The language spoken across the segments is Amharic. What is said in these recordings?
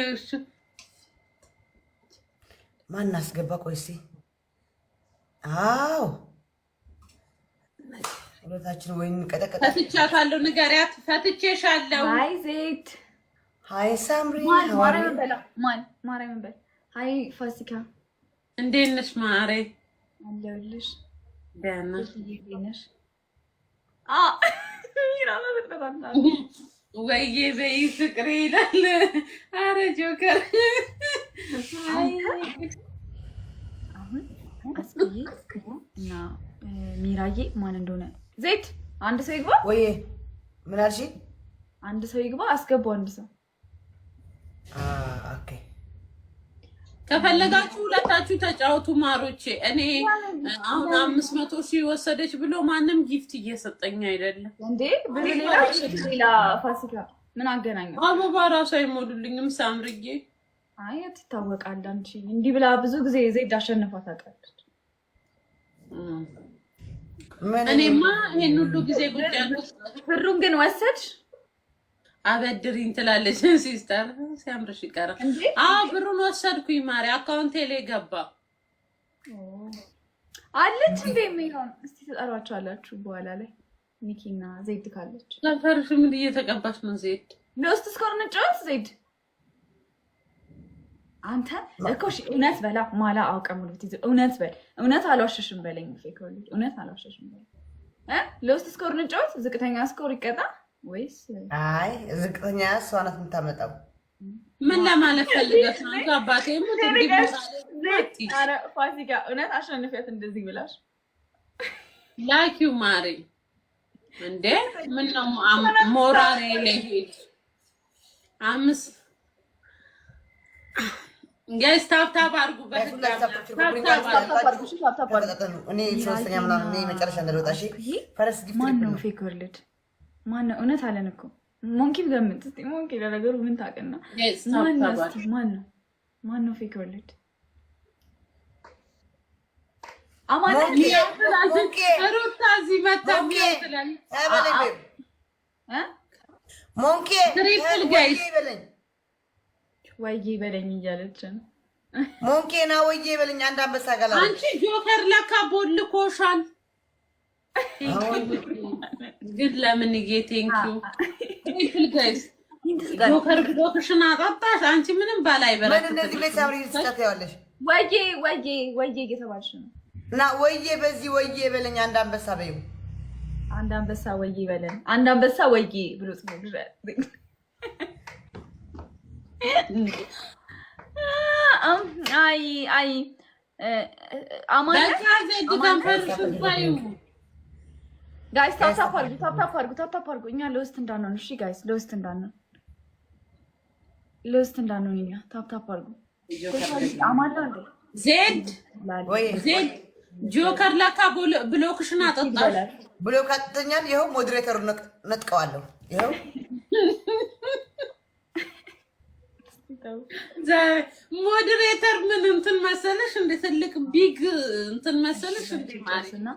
እሱ ማን አስገባ? ቆይ እስኪ አዎ፣ ሁለታችን ወይም ቀጠቀጠ። ፈትቻታለሁ፣ ንገሪያት። ፈትቼሻለሁ። አይ ዜድ፣ አይ ሳምሪ፣ ማርያምን በላ፣ ማርያምን ፋሲካ፣ እንዴት ነሽ? ማሬ አለሁልሽ። ደህና ነሽ? ወይ በይ ፍቅሬ ይላል። አረ ጆከር እና ሚራዬ ማን እንደሆነ ዘይት አንድ ሰው ይግባ ወይ ምን አልሽኝ? አንድ ሰው ይግባ አስገባው አንድ ሰው ከፈለጋችሁ ሁለታችሁ ተጫወቱ ማሮቼ። እኔ አሁን አምስት መቶ ሺህ ወሰደች ብሎ ማንም ጊፍት እየሰጠኝ አይደለም እንዴ? ሌላ ፋሲካ ምን አገናኘው? አበባ ራሱ አይሞሉልኝም። ሳምርዬ አይ ትታወቃለህ አንቺ እንዲህ ብላ ብዙ ጊዜ ዜድ አሸንፋ ታውቃለች። እኔማ ይህን ሁሉ ጊዜ ጉዳይ ብሩን ግን ወሰድ አበድሪኝ ትላለች ሲስተር። ሲያምርሽ ይቀረ። አዎ ብሩን ወሰድኩኝ ማሪ፣ አካውንቴ ላይ ገባ አለች። እንዴ የሚሆን እስቲ ተጠሯቸዋላችሁ በኋላ ላይ ኒኪና ዘይድ ካለች ለፈርሽ ምን እየተቀባች ነው ዘይድ? ለውስጥ እስከሆነ ጨዋት ዘይድ አንተ እኮ እውነት በላ ማላ አውቀም ሙሉት ይዘ እውነት በል እውነት አልዋሸሽም በለኝ። እውነት አልዋሸሽም በለኝ። ለውስጥ እስከሆነ ጨዋት ዝቅተኛ ስኮር ይቀጣ ወይስ አይ ዝቅተኛ እሷ ናት የምታመጣው? ምን ለማለት ፈልገሽ ነው? አባቴ ፋሲካ እውነት አሸንፊያት እንደዚህ ብላሽ ላኪ ማሪ እንዴ ምን ነው ሞራሬ ለሄድ አምስት ጋይስ ታብታብ አድርጉበት። እኔ ሶስተኛ ምናምን መጨረሻ እንደወጣ ፈረስ ጊፍት ነው ፌክ ወርልድ ማነው? እውነት አለን እኮ ሞንኪ ገምት እስኪ። ሞንኪ ለነገሩ ምን ታውቅና? ማነው ማነው ፌክ ወለድ ወይዬ በለኝ እያለች ነው። ሞንኬ ና ወይዬ በለኝ። አንድ አንበሳ ጋላ አንቺ ጆከር ለካ ቦልኮሻል። ግን ለምን ጌቴንኪ ጋይስ ዶከር ዶክሽን አጣጣሽ አንቺ ምንም ባላይ በረት እነዚህ ላይ ሳምሪ ስታት ያለሽ ወዬ ወዬ ወዬ እየተባልሽ ነው። እና ወዬ በዚህ ወዬ በለኝ አንድ አንበሳ በይው አንድ አንበሳ ወዬ በለን አንድ አንበሳ ወዬ ብሎ አይ አይ አማን ጋይስ ታፕታፕ አድርጉ፣ ታፕታፕ አድርጉ፣ ታፕታፕ አድርጉ። እኛ ለውስጥ እንዳንሆን እሺ ጋይስ፣ ለውስጥ እንዳንሆን፣ ለውስጥ እንዳንሆን። እኛ ታፕታፕ አድርጉ። ዜድ ዜድ ጆከር ለካ ብሎክሽን አጠጣል፣ ብሎክ አጥተኛል። ይኸው ሞዴሬተሩ ነጥቀዋለሁ። ይኸው ሞዴሬተር ምን እንትን መሰለሽ፣ እንደ ትልቅ ቢግ እንትን መሰለሽ እንደ ማለት ነው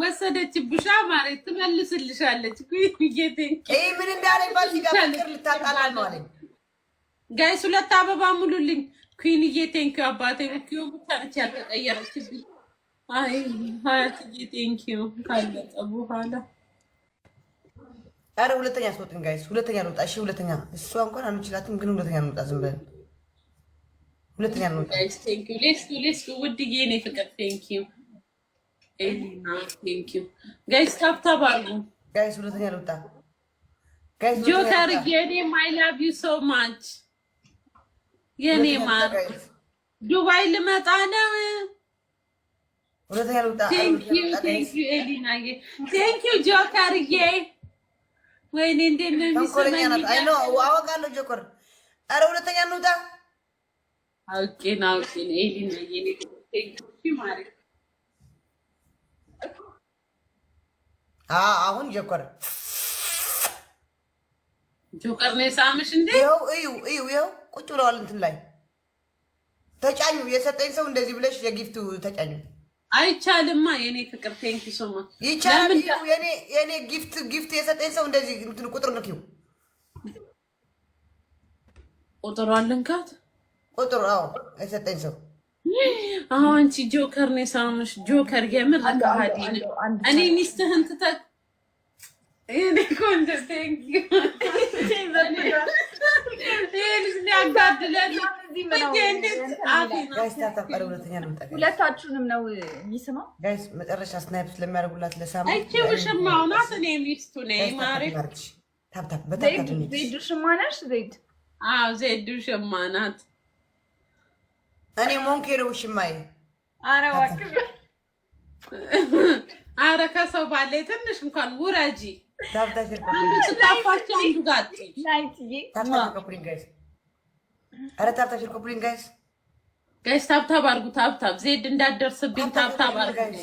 ወሰደችብሻ ማለት ትመልስልሻለች። ይሄ ምን እንዳለኝ ባልሽ ልታጣላል ነው ጋይስ ሁለት አበባ ሙሉልኝ። ኩንዬ ቴንኪዩ አባቴ ኪዩ ብቻነች ያልተቀየረችብኝ። አይ ሀያትዬ ቴንኪዩ ካለቀ በኋላ ኧረ ሁለተኛ አስወጥን ጋይስ፣ ሁለተኛ እንውጣ። እሺ ሁለተኛ እሷ እንኳን አንችላትም፣ ግን ሁለተኛ እንውጣ። ዝም ብለን ሁለተኛ እንውጣ። ቴንኪዩ ሌስ ሌስ ውድዬ እኔ ፍቅር ቴንኪዩ ጋይስ ታብታብ አድርጉ። ጋይስ ሁለተኛ ልውጣ። ጆከር የኔ አይ ላቭ ዩ ሶ ማች የኔ ማር ዱባይ ልመጣ ነው። ሁለተኛ ልውጣ። ቴንኪው ኤሊናዬ፣ ቴንኪው ጆከርዬ። ወይኔ እንዴት ነው የሚሰማኝ? አወቃለሁ ጆከር። ኧረ ሁለተኛ እንውጣ። አውቄ ነው አውቄ ነው ኤሊናዬ አሁን ጆከር ጆከር ነው የሳምሽ እንዴ? ይኸው እዩ እዩ ይኸው ቁጭ ብለዋል። እንትን ላይ ተጫኙ። የሰጠኝ ሰው እንደዚህ ብለሽ የጊፍቱ ተጫኙ። አይቻልማ የኔ ፍቅር ቴንክ ሶማ ማች ይቻላል። የኔ ጊፍት ጊፍት የሰጠኝ ሰው እንደዚህ እንትን ቁጥር ንኪው። ቁጥሩ አለንካት ቁጥሩ አዎ የሰጠኝ ሰው አሁን አንቺ ጆከር ነው የሳምሽ። ጆከር የምር ሀዲን እኔ ሚስትህን ትተህ ሁለታችሁንም ነው የሚስማው። ጋይስ መጨረሻ ስናይፕ ስለሚያደርጉላት ለሳማ እቺ ውሽማው ናት። እኔ ሚስቱ ነኝ። ማሬ ውሽማ አዎ፣ ውሽማ ናት። እኔ ሞንኬ ነው ውሽማዬ። ኧረ እባክሽ ኧረ ከሰው ባለ ትንሽ እንኳን ውረጂ። ታብታብ አድርጉ። ታብታብ ዜድ እንዳትደርስብኝ። ታብታብ አድርጉ።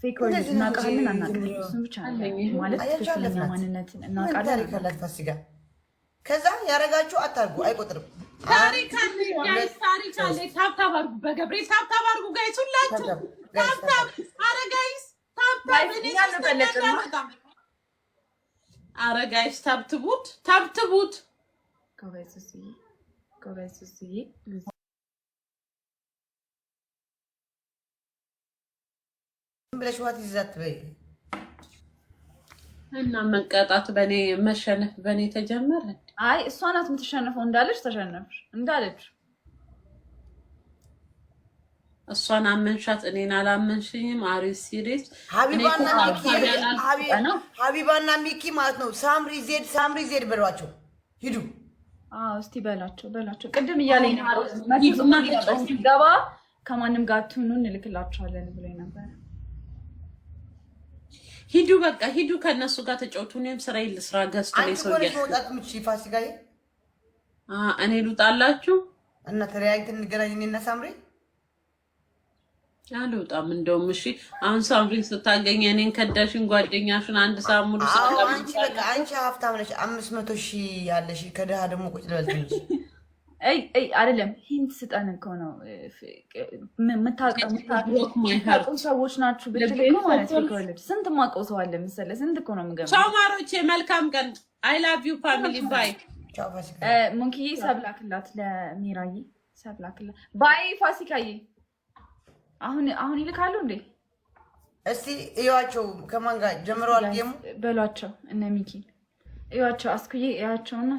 ፌክ ወይስ እናውቃለን አናውቅም፣ እሱን ብቻ ከዛ ያረጋችሁ አታርጉ አይቆጥርም። ታሪክ አለ ጋይስ፣ ታብትቡት፣ ታብትቡት። ጎበዝ ስዬ፣ ብለሽ ዋት ይዛት በይ እና መቀጣት በኔ መሸነፍ በኔ ተጀመረ። አይ እሷ ናት የምትሸነፈው። እንዳለች ተሸነፍሽ እንዳለች እሷን አመንሻት፣ እኔን አላመንሽኝም። አሪፍ ሀቢባና ሚኪ ማለት ነው። ሳምሪ ዜድ ሳምሪ ዜድ በሏቸው ሂዱ። እስቲ በላቸው በላቸው። ቅድም እያለኝ ገባ ከማንም ጋር ትሁኑ እንልክላቸዋለን ብሎኝ ነበር። ሂዱ፣ በቃ ሂዱ፣ ከእነሱ ጋር ተጫወቱ። እኔም ስራ ስራ ገዝቶ ላይ ሰው እኔ ልውጣላችሁ እና ተለያይተን እንገናኝ። እኔና ሳምሪ አልወጣም። እንደውም እሺ፣ አሁን ሳምሪን ስታገኝ እኔን ከዳሽን ጓደኛሽን አንድ ሳሙሉ አንቺ ሀብታም ነሽ፣ አምስት መቶ ሺህ ያለሽ ከድሃ ደግሞ ቁጭ ልበልት እንጂ አይደለም ሂንት ስጠን እኮ ነው የምታውቁም ሰዎች ናችሁ ማለት ነው። ስንት ማውቀው ሰው አለ መሰለህ? ስንት እኮ ነው የምገባው። ቻው ማሮቼ፣ መልካም ቀን። አይ ላቭ ዩ ፋሚሊ ባይ። ሙንኪዬ ሰብላክላት፣ ለሚራዬ ሰብላክላት። ባይ ፋሲካዬ፣ አሁን አሁን ይልካሉ እንዴ? እስቲ እዩዋቸው፣ ከማን ጋር ጀምረዋል? ጌሙ በሏቸው፣ እነ ሚኪ እዩዋቸው፣ አስኩዬ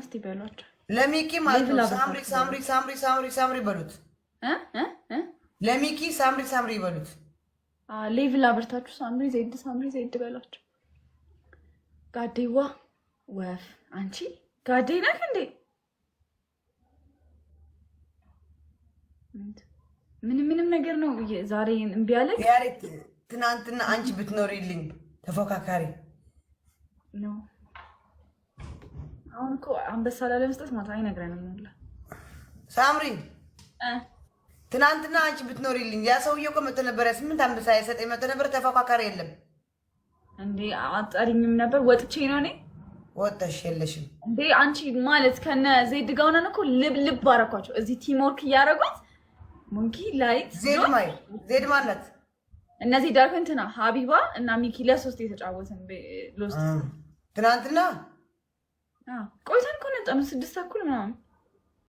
እስቲ በሏቸው ለሚኪ ማለት ነው። ሳምሪ ሳምሪ ሳምሪ ሳምሪ ሳምሪ በሉት። ለሚኪ ሳምሪ ሳምሪ በሉት። ሌቭ ላብርታችሁ። ሳምሪ ዜድ ሳምሪ ዜድ በሏቸው። ጋዴዋ ወፍ አንቺ ጋዴ ነህ እንዴ? ምን ምንም ነገር ነው ዛሬ እምቢ አለች። ትናንትና አንቺ ብትኖሪልኝ ተፎካካሪ ነው አሁን እኮ አንበሳ ላለመስጠት ማታ አይነግረንም ሁላ። ሳምሪ ትናንትና አንቺ ብትኖሪልኝ ያ ሰውዬው እኮ መቶ ነበር። ስምንት አንበሳ የሰጠኝ መቶ ነበር። ተፎካካሪ የለም እንዴ? አጣሪኝም ነበር ወጥቼ ነው እኔ። ወጥተሽ የለሽም እንዴ አንቺ ማለት ከነ ዜድ ጋር ሆነን እኮ ልብ ልብ አረኳቸው። እዚህ ቲሞርክ እያደረጓት ሙንኪ ላይት ዜድ ማይ ዜድ ማለት እነዚህ ዳርክ እንትና ሀቢባ እና ሚኪ ለሶስት የተጫወትን ሎስት ትናንትና ቆይተን ከሆነ ስድስት ተኩል ምናምን